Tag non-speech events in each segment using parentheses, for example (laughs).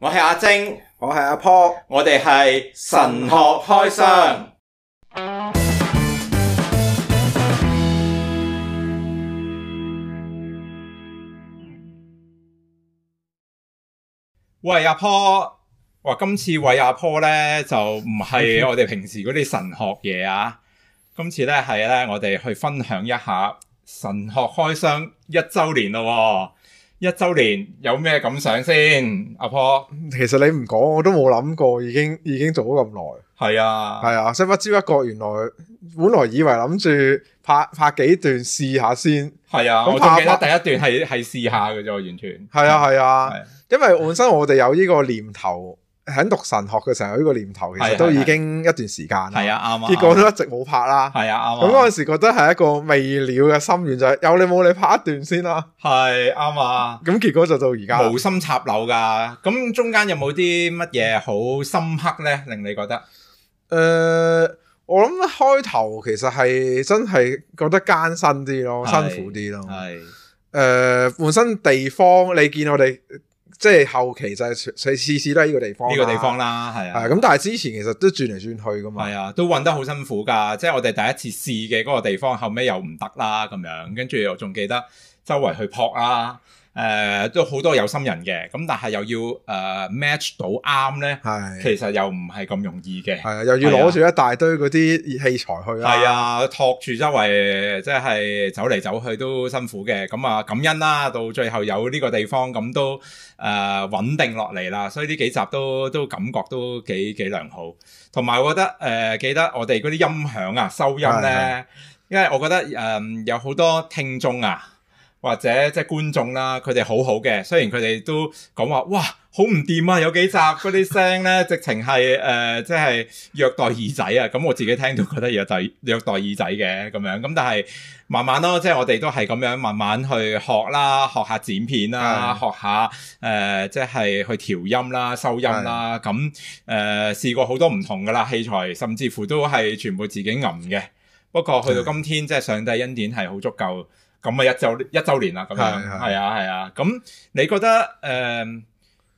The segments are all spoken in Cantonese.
我係阿晶，我係阿波，我哋係神學開箱。喂阿波，哇，今次喂阿波呢，就唔係我哋平時嗰啲神學嘢啊，今次呢，係呢，我哋去分享一下神學開箱一周年咯喎。一週年有咩感想先？阿 Paul，其實你唔講我都冇諗過，已經已經做咗咁耐。係啊，係啊，不知不覺原來，本來以為諗住拍拍幾段試下先。係啊，我仲記得第一段係係試下嘅啫，完全。係啊，係啊，啊啊因為本身我哋有呢個念頭。喺讀神學嘅時候，呢、這個念頭其實都已經一段時間啦。係啊，啱啊。結果都一直冇拍啦。係啊，啱啊。咁嗰陣時覺得係一個未了嘅心願就係、是、有你冇你拍一段先啦。係啱啊。咁、啊、結果就到而家。無心插柳噶。咁中間有冇啲乜嘢好深刻咧？令你覺得？誒、呃，我諗開頭其實係真係覺得艱辛啲咯，是辛苦啲咯。係是。誒、呃，換身地方，你見我哋。即係後期就係次、係、次都啦，呢個地方呢個地方啦，係啊，咁、啊、但係之前其實都轉嚟轉去噶嘛，係啊，都搵得好辛苦噶。即係我哋第一次試嘅嗰個地方，後尾又唔得啦咁樣，跟住又仲記得周圍去撲啊。誒、呃、都好多有心人嘅，咁但係又要誒、呃、的 match 到啱咧，的其實又唔係咁容易嘅。係啊，又要攞住一大堆嗰啲器材去啦。係啊，托住周圍即係走嚟走去都辛苦嘅。咁啊，感恩啦，到最後有呢個地方咁都誒、呃、穩定落嚟啦。所以呢幾集都都感覺都幾幾良好。同埋我覺得誒、呃、記得我哋嗰啲音響啊、收音咧，的因為我覺得誒、呃、有好多聽眾啊。或者即係觀眾啦，佢哋好好嘅。雖然佢哋都講話，哇，好唔掂啊！有幾集嗰啲聲咧，聲呢直情係誒，即係虐待耳仔啊！咁我自己聽到覺得虐待虐待耳仔嘅咁樣。咁但係慢慢咯，即係我哋都係咁樣慢慢去學啦，學下剪片啦，的學下誒、呃，即係去調音啦、收音啦。咁誒的，試、呃、過好多唔同㗎喇器材，甚至乎都係全部自己吟嘅。不過去到今天，的即係上帝恩典係好足夠。咁啊一週一週年啦，咁樣係啊係啊。咁的你覺得誒、呃、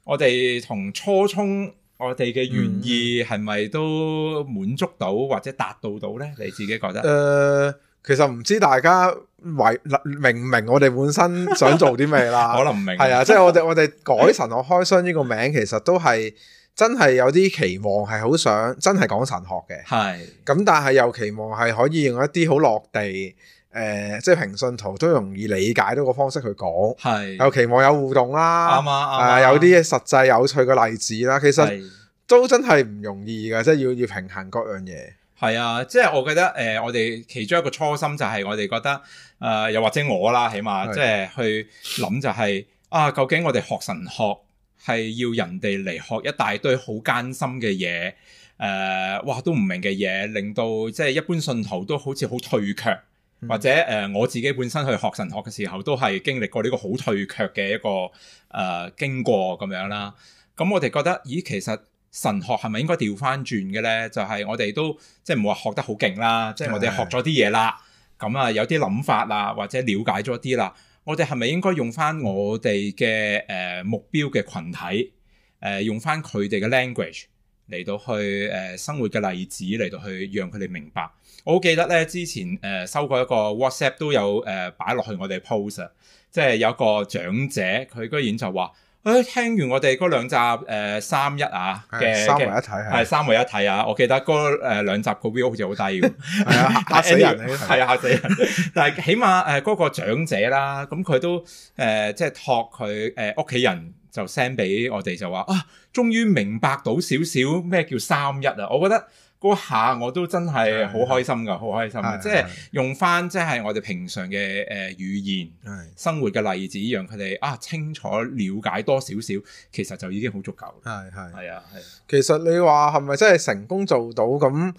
我哋同初衷我哋嘅願意係咪都滿足到或者達到到呢？你自己覺得？誒、呃，其實唔知大家為明唔明我哋本身想做啲咩啦？ (laughs) 可能唔明。係啊，即係我哋我哋改神學開箱呢個名，其實都係真係有啲期望，係好想真係講神學嘅。係咁的，但係又期望係可以用一啲好落地。誒、呃，即係平信徒都容易理解到個方式去講，係尤其有互動啦，啱啊，啊呃、有啲實際有趣嘅例子啦。其實是都真係唔容易噶，即係要要平衡各樣嘢。係啊，即係我覺得誒、呃，我哋其中一個初心就係我哋覺得誒、呃，又或者我啦，起碼即係的去諗就係、是、啊，究竟我哋學神學係要人哋嚟學一大堆好艱辛嘅嘢，誒、呃，哇，都唔明嘅嘢，令到即係一般信徒都好似好退卻。或者誒、呃，我自己本身去學神學嘅時候，都係經歷過呢個好退卻嘅一個誒、呃、經過咁樣啦。咁、嗯、我哋覺得，咦，其實神學係咪應該調翻轉嘅咧？就係、是、我哋都即係唔話學得好勁啦，即係是是我哋學咗啲嘢啦，咁啊有啲諗法啦，或者了解咗啲啦，我哋係咪應該用翻我哋嘅誒目標嘅群體誒、呃、用翻佢哋嘅 language？嚟到去誒生活嘅例子嚟到去讓佢哋明白。我好記得咧，之前誒、呃、收過一個 WhatsApp 都有誒擺落去我哋 post 嘅，即係有一個長者，佢居然就話。誒，聽完我哋嗰兩集誒、呃、三一啊嘅，係、啊、的三位一，的的一體啊，的我記得嗰誒兩集個 view 好似好低嘅，係啊嚇死人，係啊嚇死人。 (laughs) 但係起碼誒嗰個長者啦，咁佢都誒即係託佢誒屋企人就 send 俾我哋，就話啊，終於明白到少少咩叫三一啊，我覺得。嗰下我都真係好開心㗎，好是的 開心。是的 即係用翻即係我哋平常嘅誒語言、是的 生活嘅例子，讓佢哋啊清楚了解多少少，其實就已經好足夠。係係係啊係。其實你話係咪真係成功做到咁？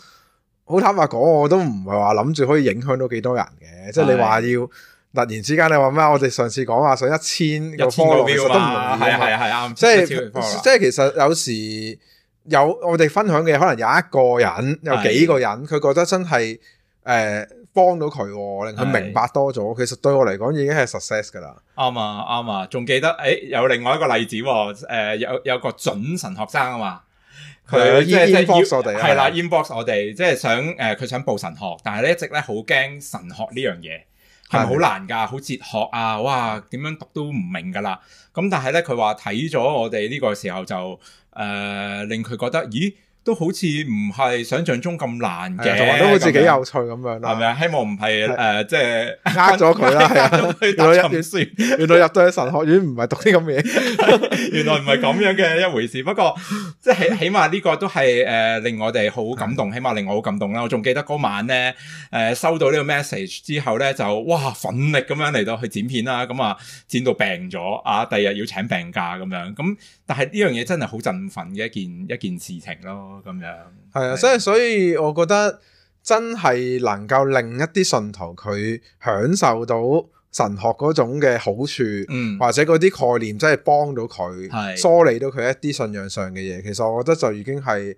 好坦白講，那個、我都唔係話諗住可以影響到幾多人嘅。即係你話要突然之間，你話咩？我哋上次講話上一千個 f o l 都唔容易。係啊係啊，即係即係其實有時。有我哋分享嘅可能有一個人，有幾個人，佢是覺得真係誒幫到佢、哦，令佢明白多咗。是其實對我嚟講已經係 success 噶啦。啱啊，啱啊，仲記得誒有另外一個例子、哦，誒、呃、有有個準神學生啊嘛，佢即係、啊、inbox 我哋，係啦 inbox 我哋，即係想誒佢、呃、想報神學，但係咧一直咧好驚神學呢樣嘢。係咪好難㗎？好哲學啊！哇，點樣讀都唔明㗎啦。咁但係咧，佢話睇咗我哋呢個時候就誒、呃，令佢覺得，咦？都好似唔係想象中咁難嘅，都、啊，好似幾有趣咁樣啦。係咪吧啊？希望唔係誒，即係呃咗佢啦。係啊，原來入到神學院唔係讀啲咁嘅嘢， (laughs) 原來唔係咁樣嘅一回事。不過即係起碼呢個都係誒、呃、令我哋好感動，嗯、起碼令我好感動啦。我仲記得嗰晚咧，誒、呃、收到呢個 message 之後咧，就哇，奮力咁樣嚟到去剪片啦。咁、嗯、啊，剪到病咗啊，第二日要請病假咁樣。咁、嗯、但係呢樣嘢真係好振奮嘅一件一件，一件事情咯。咁樣係啊，所以的的所以我覺得真係能夠令一啲信徒佢享受到神學嗰種嘅好處，嗯，或者嗰啲概念真係幫到佢，係梳的理到佢一啲信仰上嘅嘢。其實我覺得就已經係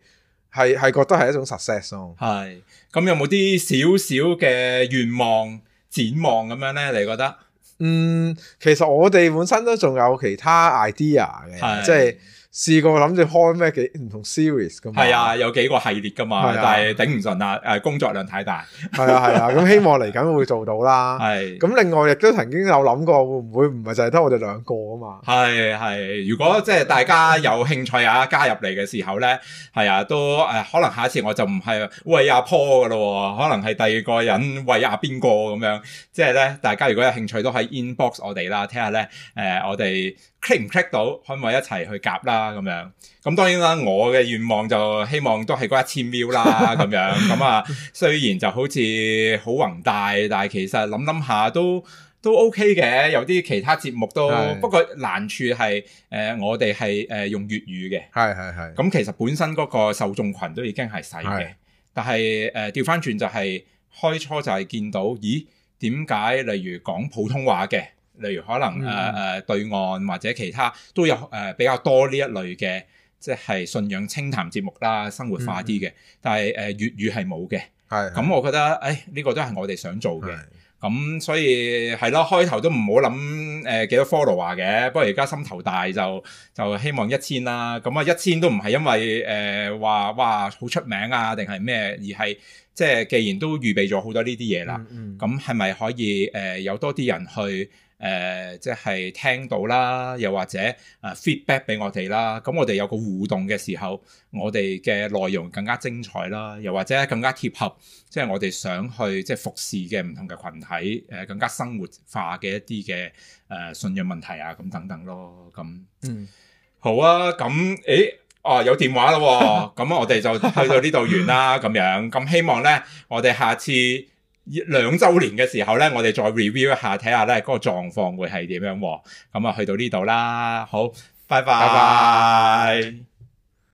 係係覺得係一種 success 咯。係咁有冇啲少少嘅願望展望咁樣咧？你覺得？嗯，其實我哋本身都仲有其他 idea 嘅，的即係。試過諗住開咩幾唔同 series 噶，係啊，有幾個系列噶嘛，但係頂唔順啊！誒、呃，工作量太大。係啊係啊，咁、啊 (laughs) 啊、希望嚟緊會做到啦。係、啊，咁另外亦都曾經有諗過，會唔會唔係就係得我哋兩個啊嘛？係係、啊啊，如果即係大家有興趣啊，加入嚟嘅時候咧，係啊，都誒、呃，可能下一次我就唔係喂阿 Paul 噶咯，可能係第二個人喂阿邊個咁樣。即係咧，大家如果有興趣，都可以 inbox 我哋啦，聽下咧，誒、呃呃，我哋。click 唔 click 到，可唔可以一齊去夾啦？咁樣咁當然啦、啊，我嘅願望就希望都係嗰一千秒啦。咁 (laughs) 樣咁啊，雖然就好似好宏大，但係其實諗諗下都都 OK 嘅。有啲其他節目都是不過難處係誒、呃，我哋係誒用粵語嘅，係係係。咁、嗯、其實本身嗰個受眾群都已經係細嘅，是但係誒調翻轉就係、是、開初就係見到，咦？點解例如講普通話嘅？例如可能誒誒、嗯呃、對岸或者其他都有誒、呃、比較多呢一類嘅，即係信仰清談節目啦，生活化啲嘅。嗯、但係誒粵語係冇嘅，係咁我覺得誒呢、這個都係我哋想做嘅。咁、嗯、所以係咯，開頭都唔好諗誒幾多 follower 嘅，不過而家心頭大就就希望一千啦、啊。咁啊一千都唔係因為誒話、呃呃、哇好出名啊定係咩，而係即係既，既然都預備咗好多呢啲嘢啦，咁係咪可以誒有多啲人去？誒、呃，即係聽到啦，又或者啊、呃、feedback 俾我哋啦。咁我哋有個互動嘅時候，我哋嘅內容更加精彩啦，又或者更加貼合，即係我哋想去即係服侍嘅唔同嘅群體，誒、呃、更加生活化嘅一啲嘅誒信仰問題啊，咁等等咯。咁嗯，好啊。咁誒，哦、啊、有電話啦、哦。咁 (laughs) 我哋就去到呢度完啦。咁 (laughs) 樣咁希望咧，我哋下次。兩週年嘅時候咧，我哋再 review 一下，睇下咧嗰、嗰個狀況會係點樣喎？咁、嗯、啊，去到呢度啦，好，拜拜。拜拜。